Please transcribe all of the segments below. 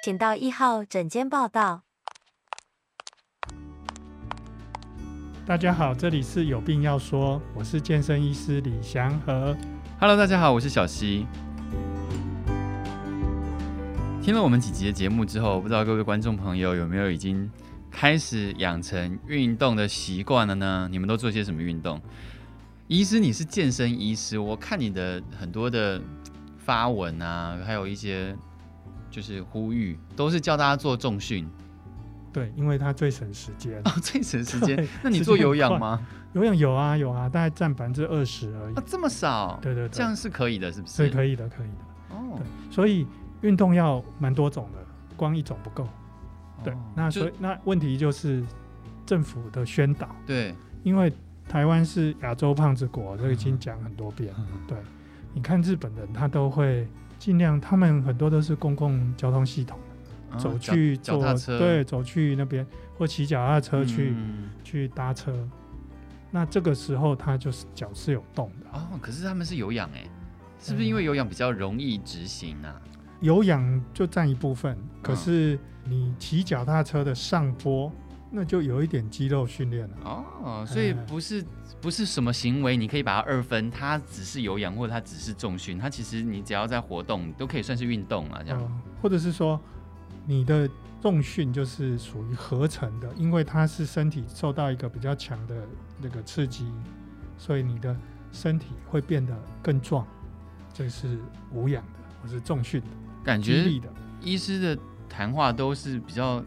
請到一號診間報到。大家好，這裡是有病要說，我是健身醫師李祥和。Hello，大家好，我是小奚。聽了我們幾集的節目之後，不知道各位觀眾朋友有沒有已經開始養成運動的習慣了呢？你們都做些什麼運動？醫師，你是健身醫師，我看你的很多的發文啊，還有一些。就是呼籲，都是叫大家做重訓。對，因為他最省時間啊、哦，最省時間。那你做有氧嗎？有氧有啊有啊，大概占百分之二十而已。啊，這麼少？對對對，這樣是可以的，是不是？對，可以的，可以的。哦，對，所以運動要蠻多種的，光一種不夠、哦。對，那所以那問題就是政府的宣導。對，因為台灣是亞洲胖子國，都、這個、已經講很多遍。嗯、對、嗯，你看日本人，他都會。盡量他們很多都是公共交通系統，走去坐、哦、腳踏車，對，走去那邊或騎腳踏車去、嗯、去搭車。那這個時候他就是腳是有動的哦。可是他們是有氧誒、欸，是不是因為有氧比較容易執行呢、啊嗯？有氧就占一部分，可是你騎腳踏車的上坡。那就有一點肌肉訓練了哦，所以不是、欸、不是什麼行為，你可以把它二分，它只是有氧或者它只是重訓，它其實你只要在活動都可以算是運動了這樣、呃。或者是說，你的重訓就是屬於合成的，因為它是身體受到一個比較強的那個刺激，所以你的身體會變得更壯，這、就是無氧的或是重訓感覺的。醫師的談話都是比較。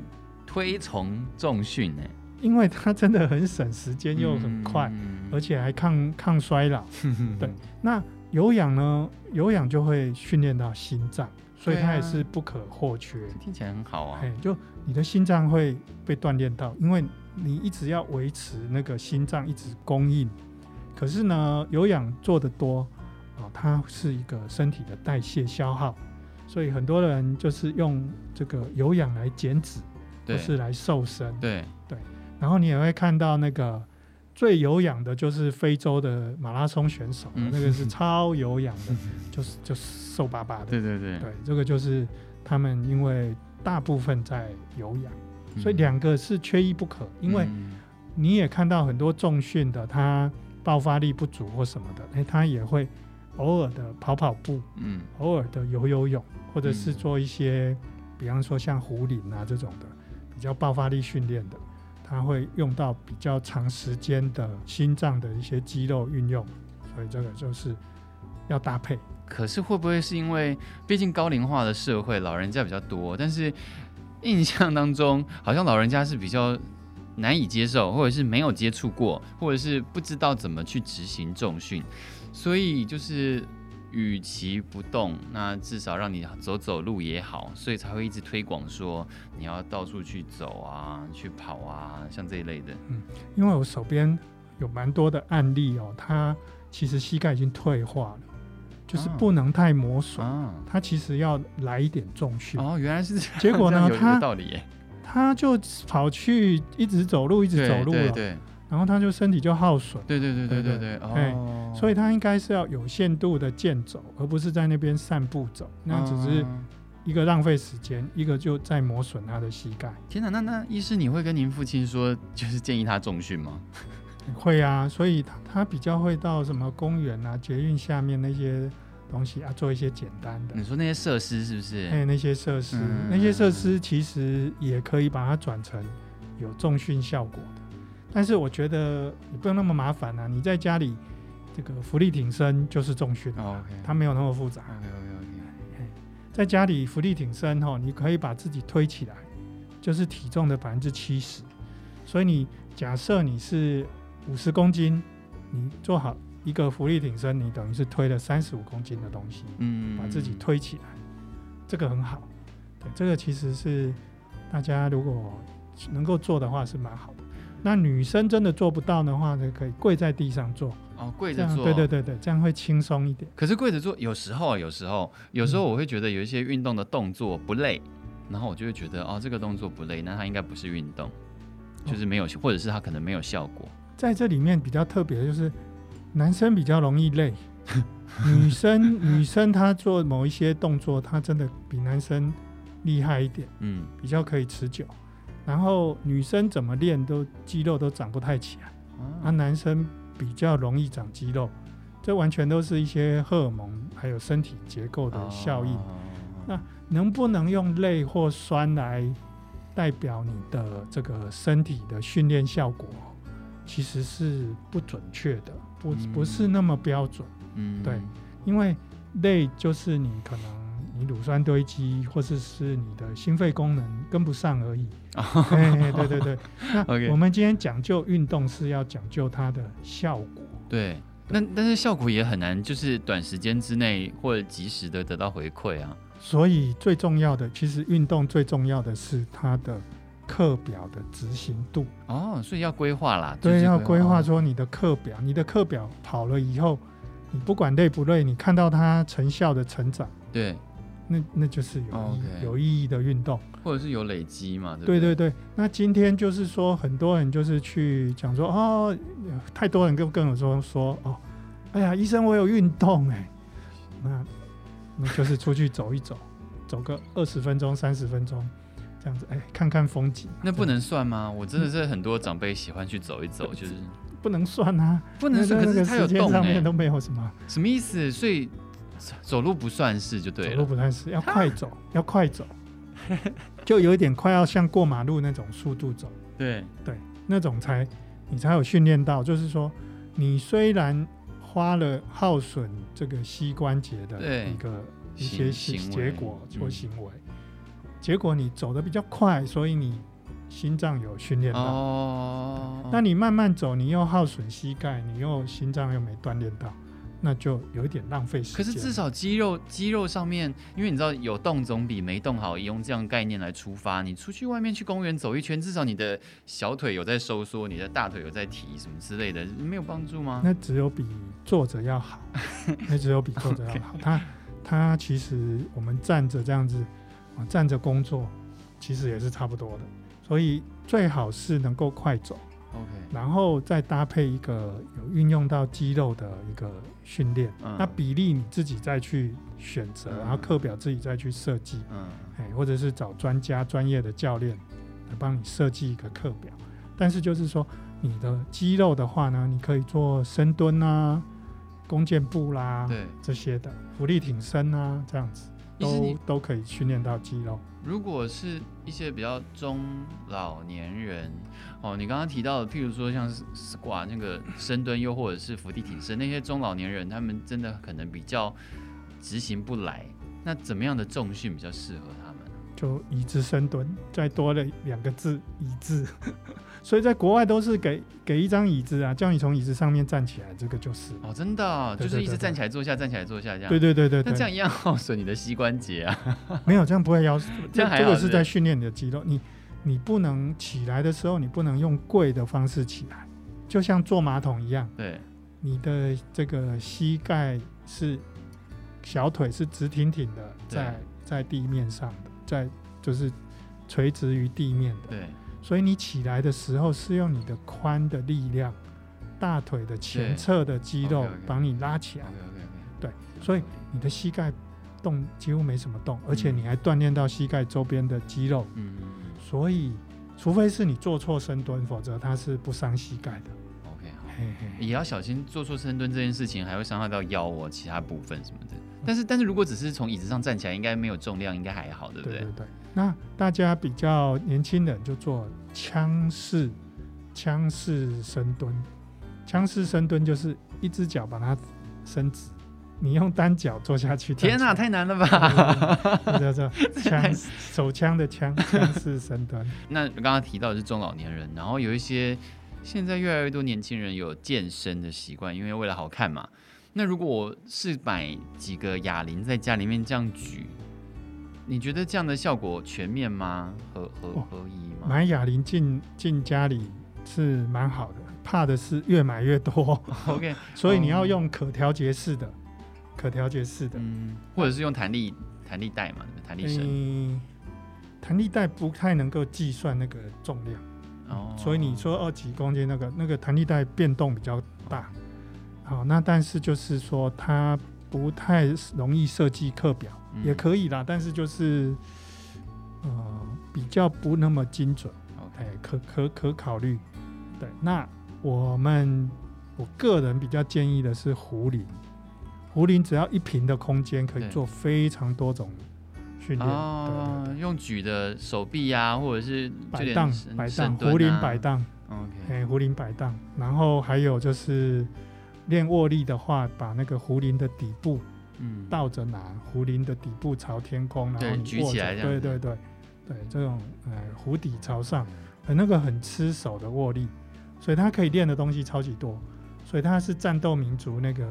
推崇重訓，因為它真的很省時間又很快，嗯，而且還抗抗衰老。 對，那有氧呢？有氧就會訓練到心臟，所以它也是不可或缺。啊，聽起來很好啊，就你的心臟會被鍛鍊到，因為你一直要維持那個心臟一直供應。可是呢，有氧做得多，呃、它是一個身體的代謝消耗，所以很多人就是用這個有氧來減脂。就是來瘦身，對對，然後你也會看到那個最有氧的，就是非洲的馬拉松選手，嗯、那個是超有氧的，是是是是就是就是瘦巴巴的，對對對，對這個就是他們因為大部分在有氧，嗯、所以兩個是缺一不可、嗯。因為你也看到很多重訓的，他爆發力不足或什麼的，他、欸、也會偶爾的跑跑步，嗯、偶爾的游游泳，或者是做一些，嗯、比方說像壺鈴啊這種的。比較爆發力訓練的，它會用到比較長時間的心臟的一些肌肉運用，所以這個就是要搭配。可是會不會是因為，畢竟高齡化的社會，老人家比較多，但是印象當中好像老人家是比較難以接受，或者是沒有接觸過，或者是不知道怎麼去執行重訓，所以就是。與其不動，那至少讓你走走路也好，所以才會一直推廣說你要到處去走啊，去跑啊，像這一類的。嗯，因為我手邊有蠻多的案例哦、喔，他其實膝蓋已經退化了，就是不能太磨損、啊啊。他其實要來一點重訓。哦，原來是這樣。結果呢，有道理、欸他，他就跑去一直走路，一直走路，了。對對對然後他就身體就耗損。對對對對對對，對。哦。所以他應該是要有限度的健走，而不是在那邊散步走，那只是一個浪費時間，嗯、一個就在磨損他的膝蓋。天哪，那那醫師你會跟您父親說，就是建議他重訓嗎？會啊，所以他他比較會到什麼公園啊、捷運下面那些東西啊，做一些簡單的。你說那些設施是不是？還、哎、那些設施、嗯，那些設施其實也可以把它轉成有重訓效果的。但是我覺得你不用那麼麻煩啊！你在家裡這個伏地挺身就是重訓了，它沒有那麼複雜。沒有沒有在家裡伏地挺身、哦、你可以把自己推起來，就是體重的百分之七十。所以你假設你是五十公斤，你做好一個伏地挺身，你等於是推了三十五公斤的東西，把自己推起來，這個很好。對，這個其實是大家如果能夠做的話，是蠻好的。那女生真的做不到的話，就可以跪在地上做。哦，跪着做，對對對對，這樣會輕鬆一點。可是跪着做，有時候，有時候，有時候我會覺得有一些運動的動作不累、嗯，然後我就會覺得哦，這個動作不累，那它應該不是運動，就是沒有，哦、或者是它可能沒有效果。在這裡面比較特別的就是，男生比較容易累， 女生女生她做某一些動作，她真的比男生厲害一點，嗯，比較可以持久。然後女生怎麼練都肌肉都長不太起來，啊，啊男生比較容易長肌肉，這完全都是一些荷爾蒙還有身體結構的效應。啊，那能不能用累或酸來代表你的這個身體的訓練效果，其實是不準確的，不，嗯，不是那麼標準。嗯，對，因為累就是你可能。乳酸堆積，或者是，是你的心肺功能跟不上而已。 欸、對對對，那我們今天講究運動是要講究它的效果。對，對那但是效果也很難，就是短時間之內或者及時的得到回饋啊。所以最重要的，其實運動最重要的是它的課表的執行度。哦，所以要規劃啦、就是規劃。對，要規劃說你的課表，你的課表跑了以後，你不管累不累，你看到它成效的成長。對。那那就是有、okay. 有意義的運動，或者是有累積嘛對不對？對對對。那今天就是說，很多人就是去講說哦，太多人跟跟我說說哦，哎呀，醫生我有運動哎，那那就是出去走一走， 走個二十分鐘、三十分鐘這樣子哎，看看風景。那不能算嗎？我真的是很多長輩喜歡去走一走，嗯、就是不能算啊，不能算。是可是他有動上面都沒有什麼。什麼意思？所以。走路不算是，就對，走路不算是，要快走， 要快走，就有一點快要像過馬路那種速度走。 對對，那種才你才有訓練到，就是說你雖然花了耗損這個膝關節的一個一些結果或行為，結果、嗯、結果你走得比較快，所以你心臟有訓練到。哦，那你慢慢走，你又耗損膝蓋，你又心臟又沒鍛鍊到。那就有一點浪費時間。可是至少肌肉肌肉上面，因為你知道有動總比沒動好。用這樣的概念來出發，你出去外面去公園走一圈，至少你的小腿有在收縮，你的大腿有在提什麼之類的，你沒有幫助嗎？那只有比坐着要好， 那只有比坐着要好。它它其實我們站着這樣子，站着工作，其實也是差不多的。所以最好是能夠快走。OK，然後再搭配一個有運用到肌肉的一個訓練，嗯、那比例你自己再去選擇、嗯，然後課表自己再去設計，嗯，哎，或者是找專家、專業的教練來幫你設計一個課表。但是就是說，你的肌肉的話呢，你可以做深蹲啊、弓箭步啦、啊，對這些的，伏地挺身啊這樣子。都都可以訓練到肌肉。如果是一些比較中老年人，哦，你剛剛提到的，譬如說像 squat 那個深蹲，又或者是伏地挺身，那些中老年人，他們真的可能比較執行不來。那怎麼樣的重訓比較適合他？就椅子深蹲，再多了兩個字椅子， 所以在國外都是給給一張椅子啊，叫你從椅子上面站起來，這個就是哦，真的，哦對對對對，就是一直站起來坐下，站起來坐下，這樣，對對對對，對。但這樣一樣耗損你的膝關節啊， 啊。沒有，這樣不會腰。這樣是是，這個，這個是在訓練你的肌肉，你你不能起來的時候，你不能用跪的方式起來，就像坐馬桶一樣。對，你的這個膝蓋是小腿是直挺挺的，在在地面上在就是垂直於地面的，對，所以你起來的時候是用你的髖的力量，大腿的前側的肌肉把你拉起來，對，所以你的膝蓋動幾乎沒什麼動，而且你還鍛鍊到膝蓋周邊的肌肉，嗯，所以除非是你做錯深蹲，否則它是不傷膝蓋的。OK，也要小心做錯深蹲這件事情，還會傷害到腰或其他部分什麼的。但是，但是如果只是從椅子上站起來，應該沒有重量，應該還好，對不對？對，對對。那大家比較年輕人就做槍式，槍式深蹲。槍式深蹲就是一隻腳把它伸直，你用單腳坐下去。天哪、啊，太難了吧！走、嗯、要做槍，手槍的槍，槍式深蹲。 那我剛剛提到的是中老年人，然後有一些現在越來越多年輕人有健身的習慣，因為為了好看嘛。那如果我是買幾個啞鈴在家裡面這樣舉，你覺得這樣的效果全面嗎？合合合一嗎？哦、買啞鈴進進家裡是蠻好的，怕的是越買越多。OK，呵呵，所以你要用可調節式的，嗯、可調節式的，嗯，或者是用彈力彈力帶嘛，彈力繩。欸、彈力帶不太能夠計算那個重量哦、嗯，所以你說二級公斤那個那個彈力帶變動比較大。哦哦，那但是就是說，它不太容易設計課表、嗯，也可以啦。但是就是，呃，比較不那麼精準。OK，、欸、可可可考慮。對，那我們我個人比較建議的是壺鈴。壺鈴只要一坪的空間，可以做非常多種訓練。哦、啊，用舉的手臂呀、啊，或者是擺盪、啊、擺盪，壺鈴擺盪。OK，壺鈴擺盪。然後還有就是。練握力的話，把那個壺鈴的底部、嗯，倒着拿，壺鈴的底部朝天空，嗯、對，然後你握舉起來對對對，對，這種呃壺底朝上，呃那個很吃手的握力，所以它可以練的東西超級多，所以它是戰鬥民族那個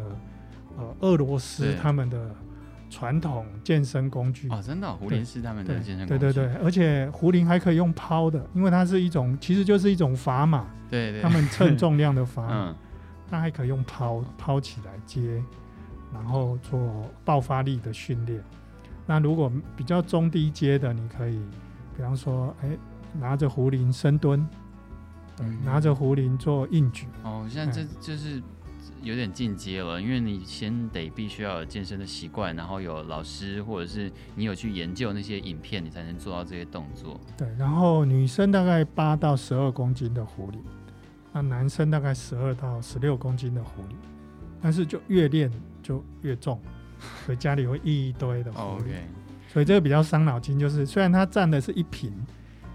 呃俄羅斯他們的傳統健身工具啊、哦，真的壺鈴是他們的健身工具，對對對，對對，而且壺鈴還可以用拋的，因為它是一種，其實就是一種砝碼、碼，對，對，他們稱重量的砝碼碼。 嗯那還可以用拋拋起來接，然後做爆發力的訓練。那如果比較中低階的，你可以，比方說，誒、欸，拿着壺鈴深蹲，嗯、拿着壺鈴做硬舉。哦，現在這、欸、就是有點進階了，因為你先得必須要有健身的習慣，然後有老師，或者是你有去研究那些影片，你才能做到這些動作。對，然後女生大概八到十二公斤的壺鈴。那男生大概十二到十六公斤的壺鈴，但是就越練就越重，所以家裡會一堆的壺鈴，oh, okay. 所以這個比較傷腦筋。就是雖然他佔的是一瓶，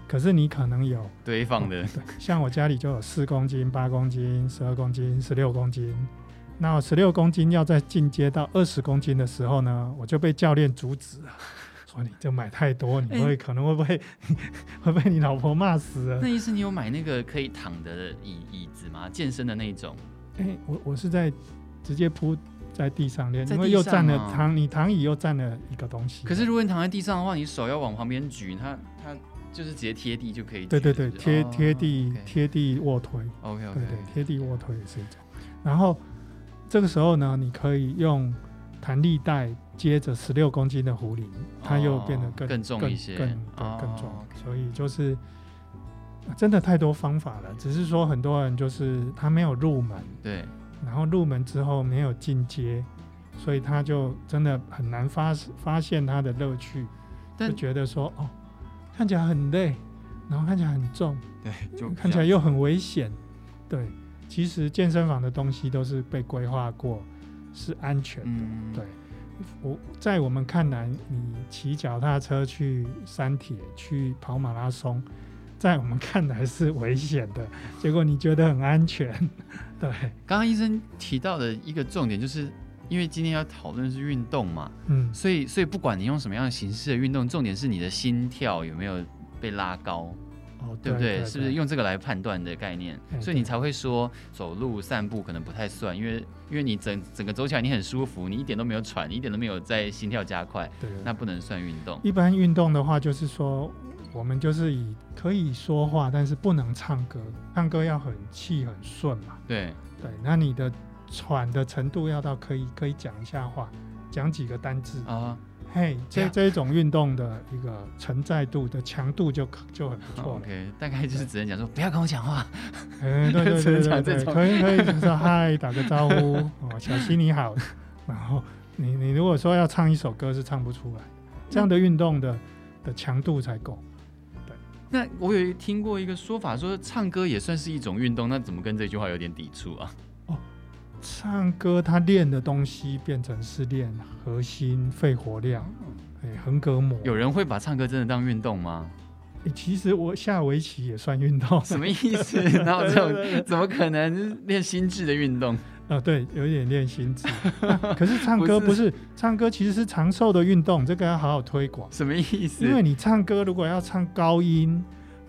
可是你可能有堆放的，嗯對，像我家裡就有四公斤、八公斤、十二公斤、十六公斤。那我十六公斤要再進階到二十公斤的時候呢，我就被教練阻止了。你就買太多，你會、欸、可能會被會， 會被你老婆罵死了？那意思你有買那個可以躺的椅椅子嗎？健身的那種？哎、欸，我我是在直接鋪在地上練，怎麼又占了躺、哦，你躺椅又占了一個東西。可是如果你躺在地上的話，你手要往旁邊舉，它它就是直接貼地就可以。對對對，貼、就是、貼、貼地、oh, okay. 貼地臥推 okay, okay, 對對貼地臥推也是一種。然後這個時候呢，你可以用。彈力帶接着十六公斤的壺鈴，它又變得更、哦、更重一些，更、更、更、哦、更重。所以就是真的太多方法了，只是說很多人就是他沒有入門，對，然後入門之後沒有進階，所以他就真的很難發發現他的樂趣，就覺得說哦，看起來很累，然後看起來很重，對，就、嗯、看起來又很危險，對。其實健身房的東西都是被規劃過。是安全的，嗯、對。我在我們看來，你騎腳踏車去山鐵、去跑馬拉松，在我們看來是危險的。結果你覺得很安全，對？剛剛醫生提到的一個重點，就是因為今天要討論是運動嘛，嗯，所以所以不管你用什麼樣的形式的運動，重點是你的心跳有沒有被拉高。哦、oh，對不對？是不是用這個來判斷的概念？對對對。所以你才會說走路散步可能不太算，嗯、因為因為你整整個走起來你很舒服，你一點都沒有喘，你一點都沒有在心跳加快。對，那不能算運動。一般運動的話，就是說我們就是以可以說話，但是不能唱歌，唱歌要很氣很順嘛。對對，那你的喘的程度要到可以可以講一下話，講幾個單字啊。Uh-huh. 哎、hey, 啊，這這一種運動的一個承載度的強度就就很不錯。OK，大概就是只能講說、yeah. 不要跟我講話。嗯、欸，對對可以 可以，可以就是嗨 打個招呼、哦、小奚你好。 然後你你如果說要唱一首歌是唱不出來，這樣的運動的、嗯、的強度才夠對。那我有聽過一個說法說唱歌也算是一種運動，那怎麼跟這句話有點抵觸啊？哦。唱歌他練的東西變成是練核心、肺活量、哎、欸，橫膈膜。有人會把唱歌真的當運動嗎？欸，其實我下圍棋也算運動。什麼意思？ 然後這種 怎麼可能練心智的運動？啊，對，有點練心智。 啊、可是唱歌不是，不是，唱歌其實是長壽的運動，這個要好好推廣。什麼意思？因為你唱歌如果要唱高音，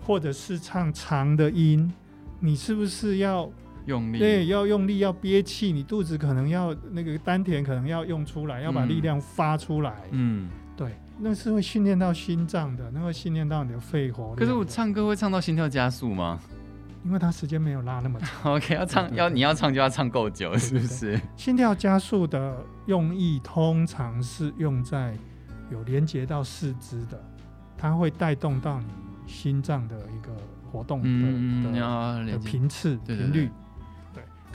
或者是唱長的音，你是不是要？用力對，要用力，要憋氣，你肚子可能要那個丹田可能要用出來、嗯，要把力量發出來。嗯，對，那是會訓練到心臟的，那會訓練到你的肺活量。可是我唱歌會唱到心跳加速嗎？因為他時間沒有拉那麼長。啊、OK，要唱要你要唱就要唱夠久，是不是對對對？心跳加速的用意通常是用在有連接到四肢的，它會帶動到你心臟的一個活動的、嗯、你要連接、的頻次頻率。對對對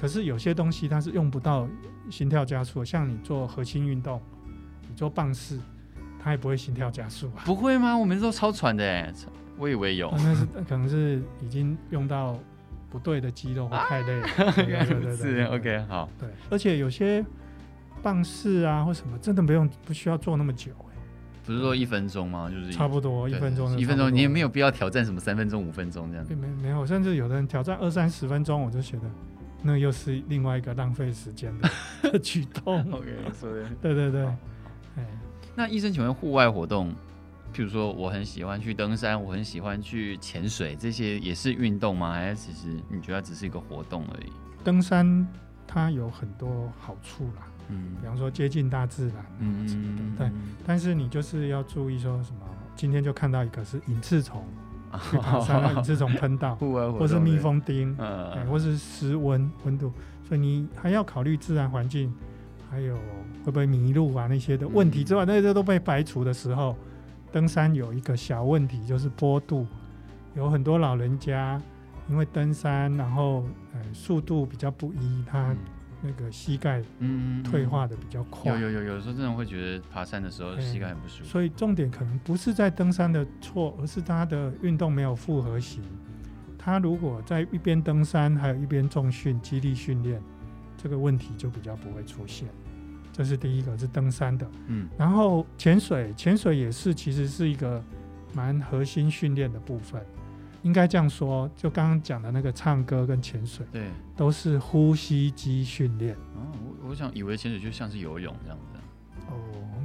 可是有些東西它是用不到心跳加速，像你做核心運動，你做棒式，它也不會心跳加速啊。不會嗎？我每次都超喘的、欸，我以為有。那是可能是已經用到不對的肌肉或太累了。啊、對對對對對對 是 OK 好。對，而且有些棒式啊或什麼，真的不用不需要做那麼久、欸。不是說一分鐘嗎？就是差不多一分鐘。就是、一分鐘你也沒有必要挑戰什麼三分鐘、五分鐘這樣。沒沒有，甚至有的人挑戰二三十分鐘，我就覺得。那又是另外一個浪費時間的 舉動，OK，、so right. 對對對, okay. 對，那醫生請問戶外活動，譬如說我很喜歡去登山，我很喜歡去潛水，這些也是運動嗎？還是其實你覺得只是一個活動而已？登山它有很多好處啦，嗯，比方說接近大自然，嗯，什麼的對嗯。但是你就是要注意說什麼，今天就看到一個是隱翅蟲。去爬山，這種噴到，或是蜜蜂叮、嗯，或是濕溫溫度，所以你還要考慮自然環境，還有會不會迷路啊那些的問題之外，嗯、那些、個、都被排除的時候，登山有一個小問題就是坡度，有很多老人家因為登山，然後呃速度比較不一，他、嗯。那個膝蓋嗯退化的比較快，有有有，有時候真的會覺得爬山的時候膝蓋很不舒服。所以重點可能不是在登山的錯，而是他的運動沒有複合型。他如果在一邊登山，還有一邊重訓、肌力訓練，這個問題就比較不會出現。這是第一個，是登山的。嗯，然後潛水，潛水也是其實是一個蠻核心訓練的部分。應該這樣說，就剛剛講的那個唱歌跟潛水，對，都是呼吸肌訓練。我、哦、我想以為潛水就像是游泳這樣子。哦，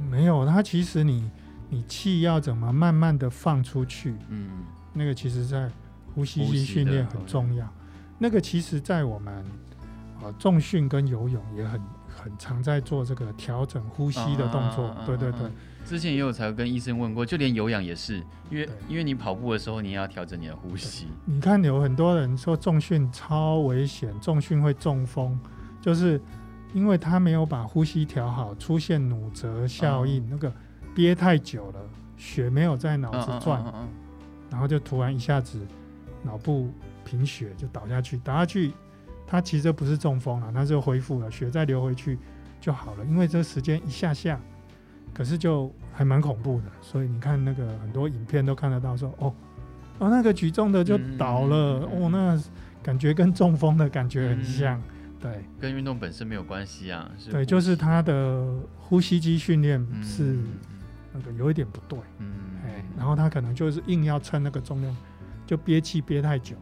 沒有，它，其實你你氣要怎麼慢慢的放出去？嗯，那個其實在呼吸肌訓練很重要。那個其實在我們啊、呃、重訓跟游泳也很。很常在做這個調整呼吸的動作，對對對。之前也有才跟醫生問過，就連有氧也是，因為因為你跑步的時候，你要調整你的呼吸。你看有很多人說重訓超危險，重訓會中風，就是因為他沒有把呼吸調好，出現努責效應、嗯，那個憋太久了，血沒有在腦子轉，然後就突然一下子腦部貧血就倒下去，倒下去。他其實不是中風了，他就恢復了，血再流回去就好了。因為這時間一下下，可是就還蠻恐怖的。所以你看那個很多影片都看得到說，說哦，哦，那個舉重的就倒了，嗯、哦那感覺跟中風的感覺很像，嗯、對。跟運動本身沒有關係啊，是。對，就是他的呼吸肌訓練是那個有一點不對，嗯，哎，然後他可能就是硬要撐那個重量，就憋氣憋太久。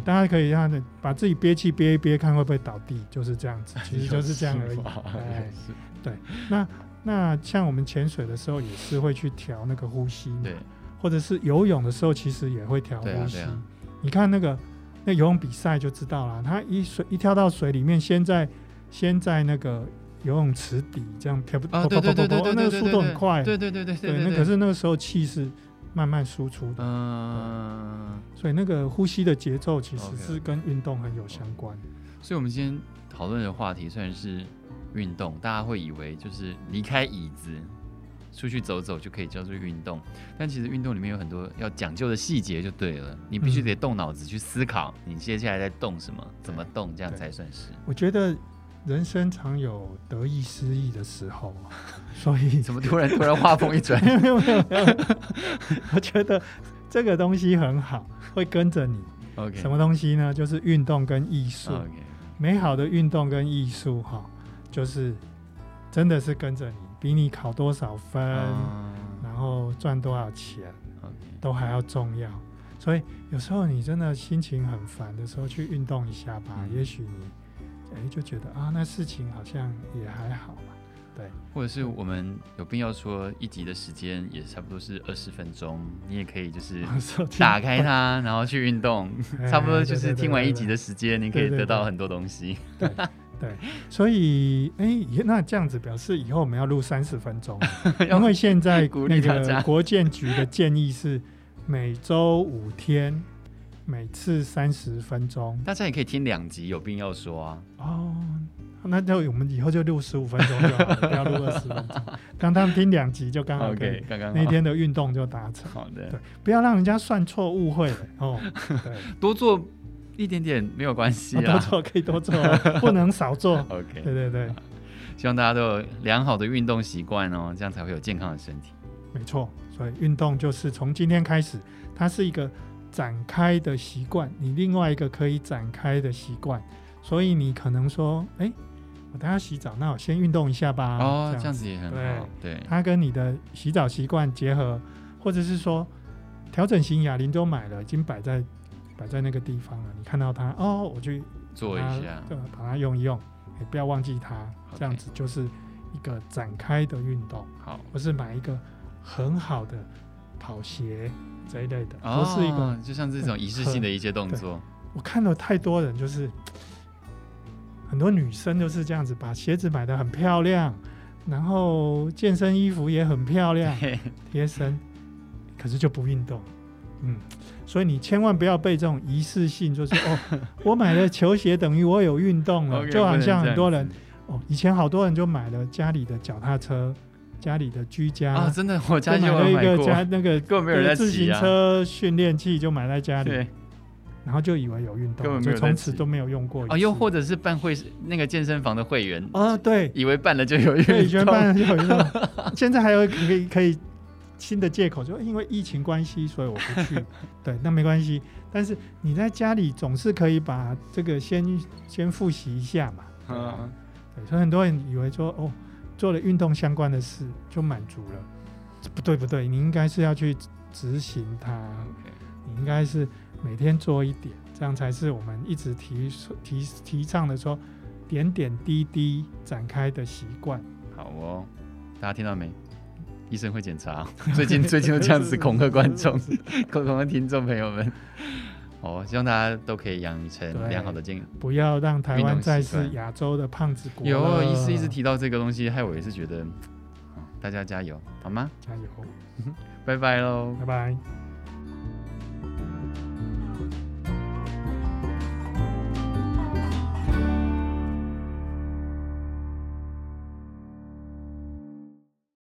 大家可以讓、啊、他把自己憋氣憋一憋，看會不會倒地，就是這樣子，其實就是這樣而已。哎、是對，那那像我們潛水的時候也是會去調那個呼吸，對，或者是游泳的時候其實也會調呼吸對、啊對啊。你看那個那游泳比賽就知道了，他一水一跳到水裡面，先在先在那個游泳池底這樣漂，不不不不，那個速度很快，對對對對對、對、對、對，那可是那個時候氣是。慢慢輸出的，嗯、呃，所以那個呼吸的節奏其實是跟運動很有相關的。Okay. 所以我們今天討論的話題雖然是運動，大家會以為就是離開椅子出去走走就可以叫做運動，但其實運動裡面有很多要講究的細節就對了，你必須得動腦子去思考你接下來在動什麼、怎麼動，這樣才算是。我覺得。人生常有得意失意的時候，啊，所以怎麼突然 突然話鋒一轉？沒有沒有沒有 我覺得這個東西很好，會跟着你。Okay. 什麼東西呢？就是運動跟藝術。Okay. 美好的運動跟藝術，哦，哈，就是真的是跟着你，比你考多少分，嗯、然後賺多少錢，Okay. 都還要重要。所以有時候你真的心情很煩的時候，去運動一下吧，嗯、也許你。哎、欸，就覺得啊，那事情好像也還好嘛。對，或者是我們有必要說一集的時間也差不多是二十分鐘，你也可以就是打開它，然後去運動、 欸，差不多就是聽完一集的時間，你可以得到很多東西。對，對，對，對，對，對，所以哎、欸，那這樣子表示以後我們要錄三十分鐘， 因為現在那個國健局的建議是每周五天。每次三十分鐘，大家也可以聽兩集，有病要說啊。哦，那就我們以後就六十五分鐘就好了， 不要錄二十分鐘。剛剛聽兩集就剛好，OK，剛剛那天的運動就達成。好的，對，不要讓人家算錯誤會哦。 多做一點點沒有關係啊、哦，多做可以多做、啊，不能少做。 OK，對對對，希望大家都有良好的運動習慣哦，這樣才會有健康的身體。沒錯，所以運動就是從今天開始，它是一個展開的習慣，你另外一個可以展開的習慣，所以你可能說，哎、欸，我等下洗澡，那我先運動一下吧。哦，這樣子，這樣子也很好。對，它跟你的洗澡習慣結合，或者是說，調整型啞鈴都買了，已經擺在擺在那個地方了。你看到它，哦，我去做一下，把它用一用，也、欸、不要忘記它。Okay. 這樣子就是一個展開的運動。好，或是買一個很好的跑鞋。這一類的，不是一個、哦，就像這種儀式性的一些動作。我看到太多人，就是很多女生就是這樣子，把鞋子買的很漂亮，然後健身衣服也很漂亮，貼身，可是就不運動。嗯，所以你千萬不要被這種儀式性，就是 哦，我買了球鞋等於我有運動了，okay, 就好像很多人，哦，以前好多人就買了家裡的腳踏車。家裡的居家啊、哦，真的，我家有一個家那個人、啊、自行車訓練器，就買在家裡，然後就以為有運動，就從此都沒有用過、哦、又或者是辦會那個健身房的會員哦，對，以為辦了就有運動，以為辦了就有運動。 現在還有可以可以新的借口，就因為疫情關係，所以我不去。 對，那沒關係，但是你在家裡總是可以把這個先先複習一下嘛。嗯、啊啊，對，所以很多人以為說哦。做了運動相關的事就滿足了，不對不對，你應該是要去執行它，okay. 你應該是每天做一點，這樣才是我們一直提提提倡的說點點滴滴展開的習慣。好哦，大家聽到沒？醫生會檢查， 最近最近都這樣子恐嚇觀眾、 恐嚇聽眾朋友們。哦，希望大家都可以養成良好的健康，不要讓台灣再是亞洲的胖子國有，一直一直提到這個東西，害我也是覺得，大家加油，好嗎？加油，拜拜嘍，拜拜。